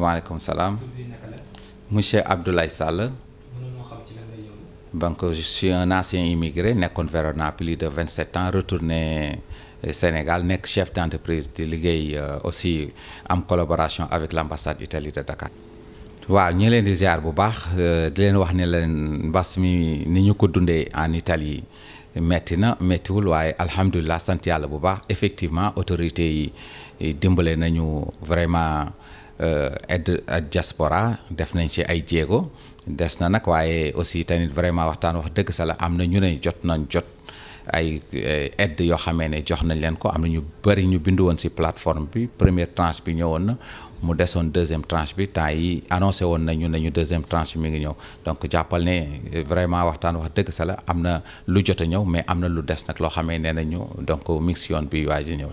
waaleykum salam. monsieur Abdoulaye Sall donc je suis un ancien immigré nekkoon Verona plus de 27 ans retourné Sénégal nekk chef d'entreprise de liggéey euh, aussi am collaboration avec l'ambassade d'Italie de Dakar. waaw ñu leen di ziar bu baax euh, di leen wax leen mi ni ñu ko en Italie Maintenant, na méttiwul waaye alhamdulilah sant yàlla bu baax effectivement autorité yi dimbale nañu vraiment. Euh, aide ak diaspora def nañ ci ay jéego des na nag waaye aussi tamit vraiment waxtaan wax dëgg sa la am na ñu ne jot nañ jot ay eh, aide yoo xamee ne jox nañ leen ko am na ñu bëri ñu bindu woon ci plateforme bi première tranche bi ñëwoon na mu desoon deuxième tranche bi temps yi annoncé woon nañu ne ñu deuxième bi mi ngi ñëw donc jàppal ne vraiment waxtaan wax dëgg sa la am na lu jot a ñëw mais am na lu des nag loo xamee ne nañu donc mi ngi ci yoon bi waaj ñëw.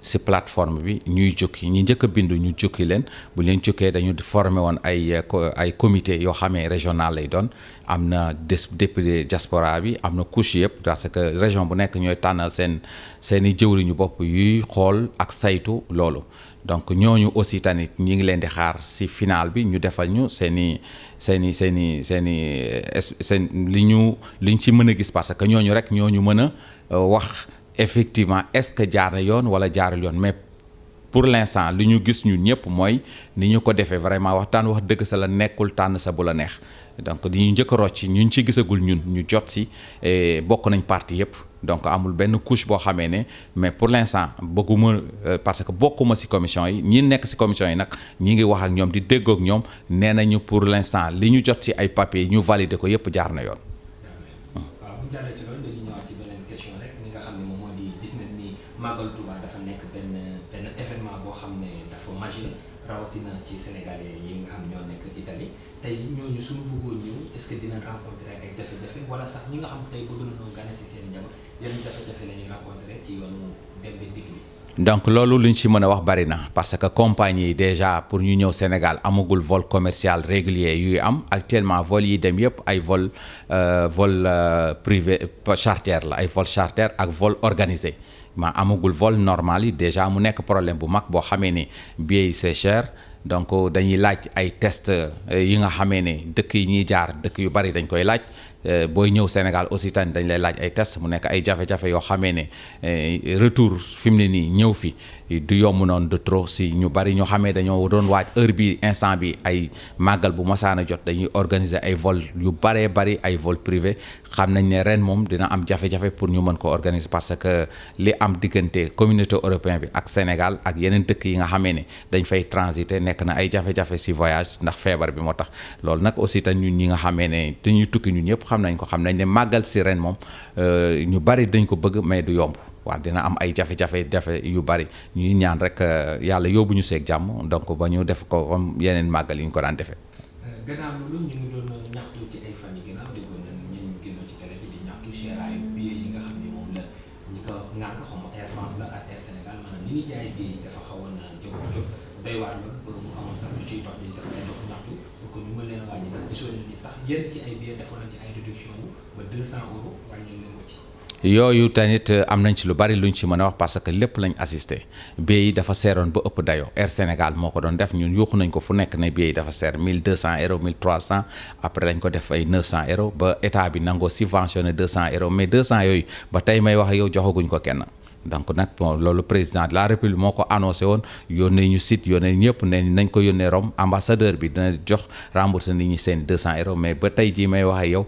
si plateforme bi ñuy jukki ñi njëkk a bindu ñu jukki leen bu leen jukkee dañu formé woon ay eh, ay comité yoo xamee régional lay doon am na des député jaspora bi am na couche yëpp parce que région bu nekk ñooy tànnal seen seen i jëwriñu bopp yuy xool ak saytu loolu donc ñooñu aussi tanit ñu ngi leen di xaar si final bi ñu defal ñu seen i seen i seen i seen i eh, seen li ñu li ñu ci mën a gis parce que ñooñu rek ñooñu mën a eh, wax effectivement est-ce que jaar na yoon wala jaarul yoon mais pour l'instant li ñu gis ñun ñep moy ni ñu ko défé vraiment waxtaan wax dëgg sa la nekkul tan sa bu la neex donc li ñu jëk a ñun ci gisagul ñun ñu jot si bokk nañ parti yep donc amul ben couche bo xamé né mais pour l'instant bëgguma euh, parce que bokkuma ci commission yi ñi nekk ci commission yi nak ñi ngi wax ak ñom di dégg ak ñom nee nañu pour l'instant li ñu jot ci ay papiers ñu valider ko yep jaar na yoon. Ah, màggal Touba dafa nekk benn benn événement boo xam ne dafa majeur rawatina ci sénégalais yi nga xam ñoo nekk Italie tey ñooñu suñu bëggoon ñëw est-ce que dina rencontrer ak ay jafe-jafe wala sax ñi nga xam tey bëgg nañoo gane si seen njaboot yan jafe-jafe la ñuy rencontrer ci yoonu dem ba digg bi. donc loolu luñ ci mën a wax bari na parce que compagnie yi déjà pour ñu ñëw Sénégal amagul vol commercial régulier yuy am actuellement vol yi dem yëpp ay vol euh, vol euh, privé charter la ay vol charter ak vol organisé ma amagul vol normal déjà mu nek problème bu problème. bo c'est cher donc euh, dañuy laaj ay test euh, yi nga xamé ni dëkk yi ñi jaar dëkk yu bari dañ koy euh, Sénégal aussi tamit dañ test mu nek ay retour fi ni du yomb noonu de trop si ñu bari ñoo xamee dañoo doon waaj heure bi instant bi ay màggal bu masaan a jot dañuy organiser ay vol yu baree bari ay vol privé xam nañ ne ren moom dina am jafe-jafe pour ñu mën ko organiser parce que li am diggante communauté européen bi ak Sénégal ak yeneen dëkk yi nga xamee ne dañ fay transiter nekk na ay jafe-jafe si voyage ndax feebar bi moo tax loolu nag aussi tam ñun ñi nga xamee ne dañuy tukki ñun ñëpp xam nañ ko xam nañ ne màggal si ren moom euh, ñu bari dañ ko bëgg mais du yomb waaw dina am ay jafe-jafe jafe yu bari ñuy ñaan rek euh, yàlla yóbbu ñu seeg jàmm donc ba ñu def ko comme yeneen màggal yi ñu ko daan defee. Euh, ñaxtu ci ay yi nga xam ne moom la ñi ko ŋànk xaw ma Air France la ak ni ñuy jaay billet dafa xawoon jëm jëm doy waar la pour def ñu mën leen ci yooyu tamit euh, am nañ ci lu bari luñ ci mën a wax parce que lépp lañ assisté billet yi dafa seeroon ba ëpp dayo Air Sénégal moo ko doon def ñun yuuxu nañ ko fu nekk ne billet yi dafa seer 1200 euros 1300 après lañ ko def ay 900 euros ba état bi nangoo subventionné 200 euros mais 200 yooyu ba tey may wax yow joxaguñ ko kenn. donc nag bon loolu président la république moo ko annoncé woon yónnee ñu site yónnee ñëpp ne nañ ko yónnee Rome ambassadeur bi dina jox remboursé nit ñi seen 200 euros mais ba tey jii may wax yow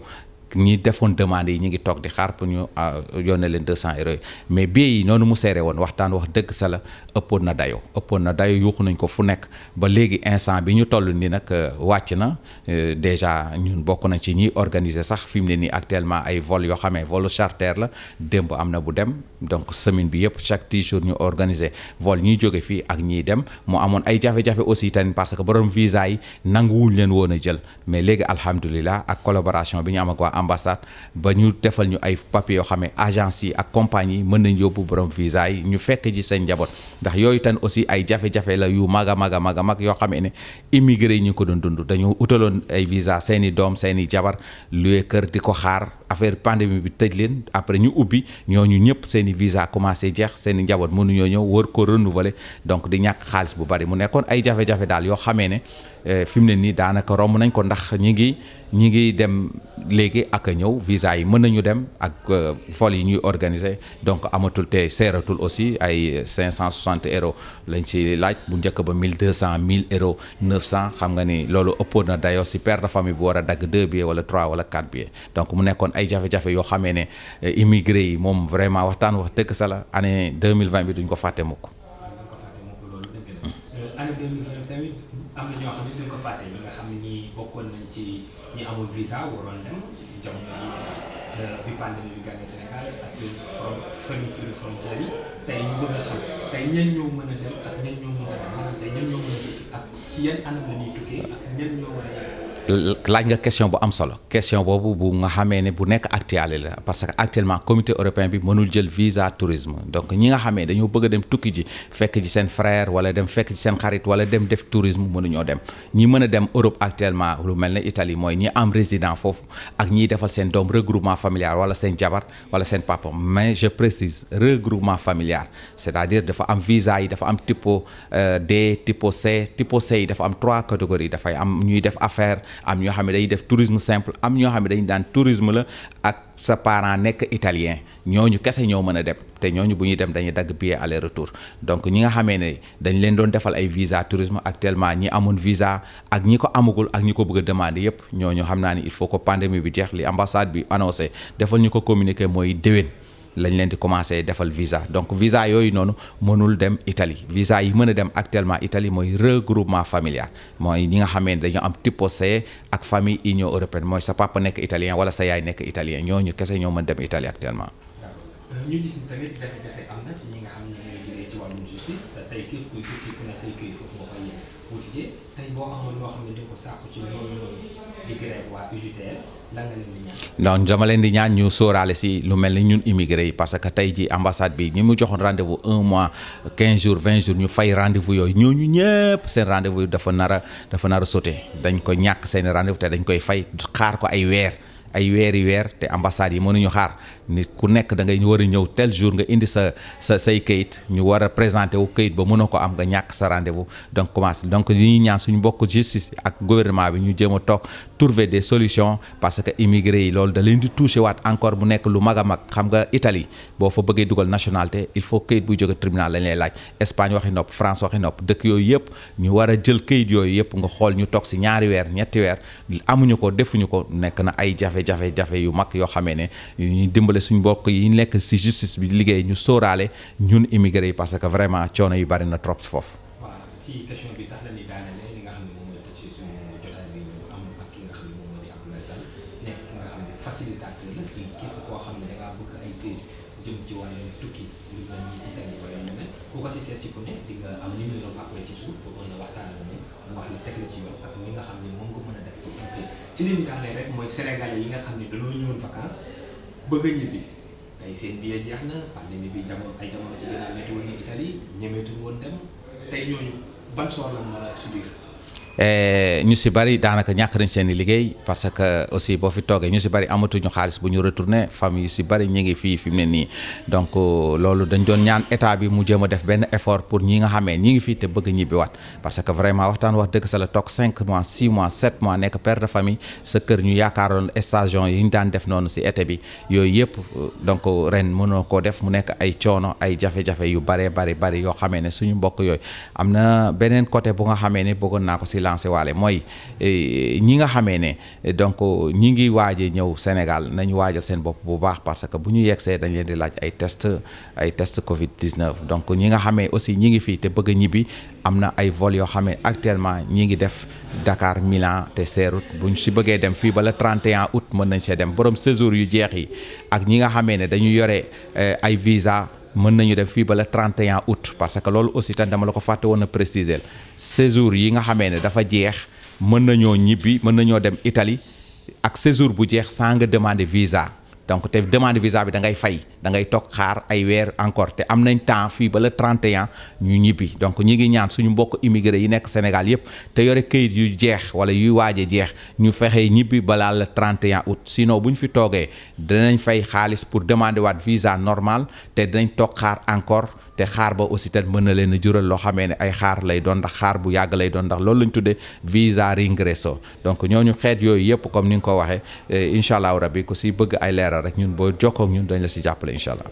ñi defoon demande yi ñu ngi toog di xaar pour ñu ah, yónnee leen 200 euros mais bii noonu mu seere woon waxtaan wax dëgg sa la ëppoon na dayo ëppoon na dayo yuuxu nañ ko fu nekk ba léegi instant bi ñu toll nii nag euh, wàcc na euh, déjà ñun bokk nañ ci ñiy organiser sax fi mu ne nii actuellement ay vol yoo xamee volu charter la démb am na bu dem donc semaine bi yëpp chaque dix jours ñu organiser vol ñuy jóge fii ak ñiy dem mu amoon ay jafe-jafe aussi tamit parce que borom visa yi nanguwuñ leen woon a jël mais léegi alhamdulilah ak collaboration bi ñu ambassade ba ñu defal ñu ay papier yo xamé agence yi ak compagnie mën nañ yobbu borom visa yi ñu fekk ci seen njabot ndax yoyu tan aussi ay jafé jafé la yu maga maga maga mak yo xamé né immigré ñu ko doon dund dañu outalon ay visa seeni dom seeni jabar lué kër diko xaar affaire pandémie bi tëj leen après ñu ubbi ñooñu ñëpp seen visa commencé jeex seen i mënu ñoo ñëw wër ko renouveler donc di ñàkk xaalis bu bari mu nekkoon ay jafe-jafe daal yoo xamee ne euh, fi mu ne nii daanaka romb nañ ko ndax ñi ngi ñi ngi dem léegi ak a ñëw visa yi mën nañu dem ak fol euh, yi ñuy organiser donc amatul te seeratul aussi ay 560 euros lañ ci laaj bu njëkk ba 1200 1000 euros 900 xam nga ni loolu ëppoon na dayoo si père de famille bu war a dagg 2 billets wala 3 wala 4 billets donc mu nekkoon ay jafe-jafe yoo xamee ne eh, immigré yi moom vraiment waxtaan wax dëgg sa la année 2020 bi duñ ko fàtte mukk euh, année 2020 tamit am na ñoo duñ ko fàtte ñi nga xam ci euh, bi pandémie bi gànnee Sénégal ak fermeture frontières mën a xam ak ñan ñoo mën a tey laaj nga question bu am solo question boobu bu nga xamee ne bu nekk actuelle la parce que actuellement comité européen bi mënul jël visa tourisme donc ñi nga xamee dañoo bëgg a dem tukki ji fekk ji seen frère wala dem fekk ji seen xarit wala dem def tourisme mënuñoo dem ñi mën a dem Europe actuellement lu mel ne Italie mooy ñi am résident foofu ak ñiy defal seen doom regroupement familial wala seen jabar wala seen papa mais je précise regroupement familial c'est-à-dire dafa am visa yi dafa am type euh, D type C type C yi dafa am trois catégories dafay am ñuy def affaire am ñoo xam ne dañuy def tourisme simple am ñoo xam ne dañu daan tourisme la ak sa parent nek italien ñoñu kese ñoo mën a dem Té ñooñu bu dem dañuy dagg billet aller retour donc ñi nga xamé né dañ leen doon defal ay visa tourisme actuellement ñi amone visa ak ñi ko amagul ak ñi ko bëgg demander yépp ñoñu xamna ni il faut que pandémie bi jeex li ambassade bi annoncé defal ñu ko communiqué mooy déwén lañ leen di commencé defal visa donc visa yooyu noonu mënul dem Italie visa yi mën a dem actuellement Italie mooy regroupement familial mooy ñi nga xamee ne dañoo am typo C ak famille Union européenne mooy sa papa nekk italien wala sa yaay nekk italien ñooñu kese ñoo mën dem Italie actuellement. xam ne di ko ñaan. dama leen di ñaan ñu sóoraale si lu mel ni ñun immigré yi parce que tey ji ambassade bi ñi mu joxoon rendez un mois quinze jours vingt jours ñu fay rendez vous yooyu ñooñu ñëpp seen rendez vous dafa nara dafa nara a sauté dañ ko ñàkk seen rendez te dañ koy fay xaar ko ay weer ay weeri weer te ambassades yi mënuñu xaar. nit ku nekk da ngay war a ñëw tel jour nga indi sa sa say kayit ñu war a présenté wu kayit ba mënoo ko am nga ñàkk sa rendez-vous donc commencé donc li ñuy ñaan suñu bokk justice ak gouvernement bi ñu jéem a toog trouver des solutions parce que immigré yi loolu da leen di touché waat encore bu nekk lu mag a mag xam nga Italie boo fa bëggee dugal nationalité il faut kayit bu jóge tribunal lañ lay laaj Espagne waxi nopp France waxi nopp dëkk yooyu yëpp ñu war a jël kayit yooyu yëpp nga xool ñu toog si ñaari weer ñetti weer amuñu ko defuñu ko nekk na ay jafe-jafe jafe yu mag yoo xamee ne ñuy dimbali jàppale suñ mbokk yi nekk si justice bi liggéey ñu sooraale ñun immigré yi parce que vraiment coono yu bari na trop foofu. waaw ci question bi sax la ñuy daanale li nga xam ne moom la ki nga xam ne moom moo ni internet ci yoon mooy sénégalais yi nga xam ne dañoo ñëwoon vacances Bagaimana lah, ni? Tak isin dia je lah Pada ni bi jamu Ay jamu macam ni Nak dua ni tadi Nyamai tu ngondam Tak nyonyo Bansuar lah Mala sudir Tak Eh, ñu si bari daanaka ñàkk nañ seen i liggéey parce que aussi boo fi toogee ñu si bari amatuñu xaalis bu ñu retourné famille yu si bari ñu ngi fii fi mu ne nii donc euh, loolu dañ doon ñaan état bi mu jéem a def benn effort pour ñi nga xamee ñi ngi fii te bëgg ñibbi waat parce que vraiment waxtaan wax dëgg sa la toog 5 mois 6 mois 7 mois nekk père de famille sa kër ñu yaakaaroon station yi ñu daan def noonu si été bi yooyu yëpp euh, donc ren mënoo koo def mu nekk ay coono ay jafe-jafe yu bare bari bari yoo xamee ne suñu mbokk yooyu ko lancé waale moy eh, ñi nga xamé né eh, donc ñi ngi wajé ñew Sénégal nañ waajal sen bop bu baax parce que buñu ñu dañ leen di laaj ay test ay test Covid 19 donc ñi nga xamé aussi ñi ngi fi té bëgg ñibi amna ay vol yo xamé actuellement ñi ngi def Dakar Milan té seerut buñ ci bëggé dem fi ba le 31 août mën nañ see dem borom séjour yu jeex yi ak ñi nga xamé né dañu yoré eh, ay visa mën nañu def fii ba le 31 août parce que loolu aussi tam dama la ko fàtte woon a préciser séjour yi nga xamee ne dafa jeex mën nañoo ñibbi mën nañoo dem itali ak séjour bu jeex sans nga demander visa donc te demande visa bi da ngay fay da toog xaar ay weer encore te am nañ temps fii ba le 31 ñu ñibbi donc ñi ngi ñaan suñu mbokk immigré yi nekk Sénégal yépp te yore kayit yu jeex wala yuy waaje jeex ñu fexe ñibbi balaa le 31 août sinon bu ñu fi toogee dinañ fay xaalis pour demande waat visa normal te dinañ toog xaar encore te xaar ba aussi tamit mën na leen jural loo xamee ne ay xaar lay doon ndax xaar bu yàgg lay doon ndax loolu lañ tuddee visa ringresso donc ñooñu xeet yooyu yëpp comme ni nga ko waxee eh, incha allah rabi ku si bëgg ay leeral rek ñun boo jokkoo ak ñun dañ la si jàppale incha allah.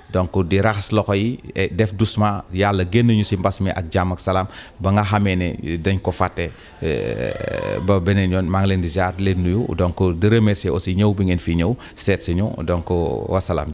donc di raxas loxo yi eh, def doucement yàlla génn ñu si mbas mi ak jàmm ak salaam ba nga xamee ne dañ ko fàtte eh, ba beneen yoon maa ngi leen di ziar leen nuyu donc di remercier aussi ñëw bi ngeen fii ñëw seet si ñu donc wasalaam